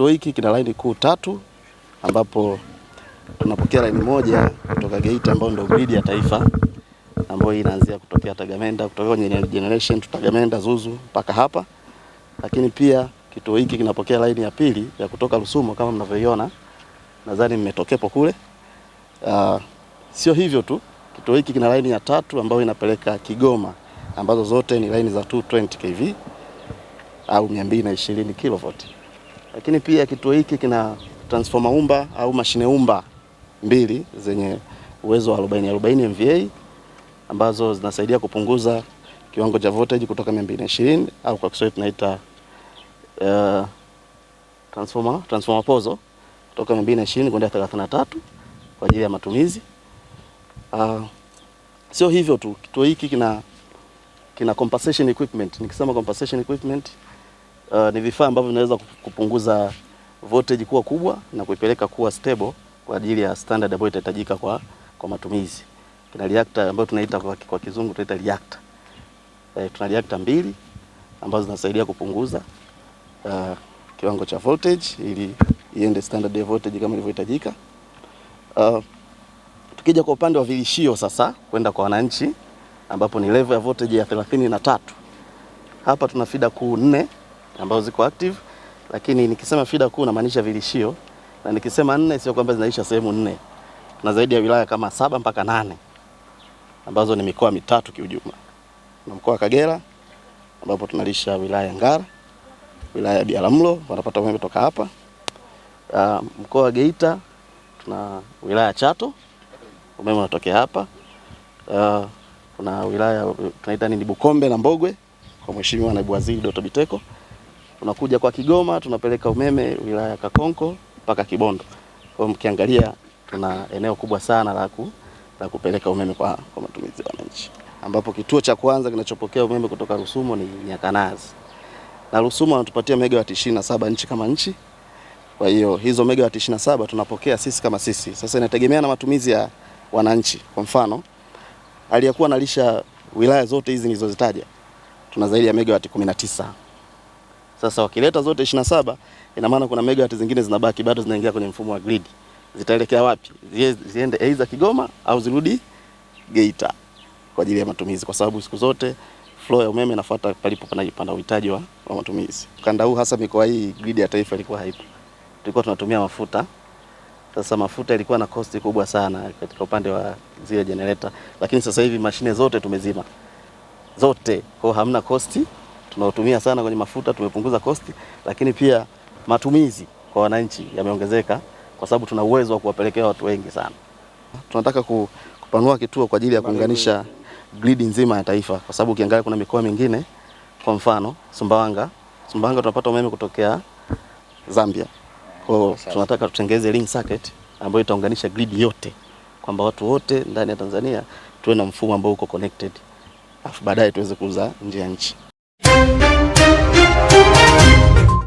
Kituo hiki kina laini kuu tatu ambapo tunapokea laini moja kutoka Geita ambayo ndio gridi ya taifa ambayo inaanzia kutokea Tagamenda, kutoka kwenye generation Tagamenda Zuzu mpaka hapa. Lakini pia kituo hiki kinapokea laini ya pili ya kutoka Rusumo kama mnavyoiona, nadhani mmetokepo kule. Uh, sio hivyo tu, kituo hiki kina laini ya tatu ambayo inapeleka Kigoma ambazo zote ni laini za 220 kV au 220 kV lakini pia kituo hiki kina transformer umba au mashine umba mbili zenye uwezo wa 40 40 MVA ambazo zinasaidia kupunguza kiwango cha voltage kutoka 220 au kwa Kiswahili tunaita uh, transformer, transformer pozo kutoka 220 kwenda 33 kwa ajili ya matumizi uh, sio hivyo tu, kituo hiki kina, kina compensation equipment. Nikisema compensation equipment uh, ni vifaa ambavyo vinaweza kupunguza voltage kuwa kubwa na kuipeleka kuwa stable kwa ajili ya standard ambayo itahitajika kwa, kwa matumizi. Kuna reactor ambayo tunaita kwa, kwa kizungu tunaita reactor. Eh, tuna reactor mbili ambazo zinasaidia kupunguza uh, kiwango cha voltage ili iende standard ya voltage kama ilivyohitajika. Uh, tukija kwa upande wa vilishio sasa kwenda kwa wananchi ambapo ni level ya voltage ya 33. Hapa tuna fida kuu nne ambazo ziko active, lakini nikisema fida kuu namaanisha vilishio, na nikisema nne sio kwamba zinaisha sehemu nne, na zaidi ya wilaya kama saba mpaka nane ambazo ni mikoa mitatu kiujumla, na mkoa wa Kagera ambapo tunalisha wilaya ya Ngara, wilaya ya Biharamulo wanapata umeme kutoka hapa. Uh, mkoa wa Geita tuna wilaya ya Chato umeme unatokea hapa. Uh, kuna wilaya tunaita nini Bukombe na Mbogwe kwa mheshimiwa naibu waziri Doto Biteko tunakuja kwa Kigoma, tunapeleka umeme wilaya ya Kakonko mpaka Kibondo. Kwa mkiangalia, tuna eneo kubwa sana la la kupeleka umeme kwa, kwa matumizi ya wananchi, ambapo kituo cha kwanza kinachopokea umeme kutoka Rusumo ni Nyakanazi na Rusumo wanatupatia megawati 27 nchi kama nchi. Kwa hiyo hizo megawati 27 tunapokea sisi kama sisi. Sasa inategemea na matumizi ya wananchi. Kwa mfano, aliyekuwa analisha wilaya zote hizi nilizozitaja tuna zaidi ya megawati 19. Sasa wakileta zote 27 ina maana kuna megawati zingine zinabaki bado zinaingia kwenye mfumo wa grid. Zitaelekea wapi? Ziende aidha Kigoma au zirudi Geita kwa ajili ya matumizi, kwa sababu siku zote flow ya umeme inafuata palipo panajipanda uhitaji wa, wa matumizi. Kanda huu hasa mikoa hii grid ya taifa ilikuwa haipo, tulikuwa tunatumia mafuta. Sasa mafuta ilikuwa na cost kubwa sana katika upande wa zile generator, lakini sasa hivi mashine zote tumezima zote, kwa hamna kosti tunaotumia sana kwenye mafuta tumepunguza kosti, lakini pia matumizi kwa wananchi yameongezeka kwa sababu tuna uwezo wa kuwapelekea watu wengi sana. Tunataka kupanua kituo kwa ajili ya kuunganisha gridi nzima ya taifa, kwa sababu ukiangalia kuna mikoa mingine, kwa mfano Sumbawanga, Sumbawanga tunapata umeme kutokea Zambia. Kwa hiyo tunataka tutengeze link circuit ambayo itaunganisha gridi yote, kwamba watu wote ndani ya Tanzania tuwe na mfumo ambao uko connected, afu baadaye tuweze kuuza nje ya nchi. Thank you.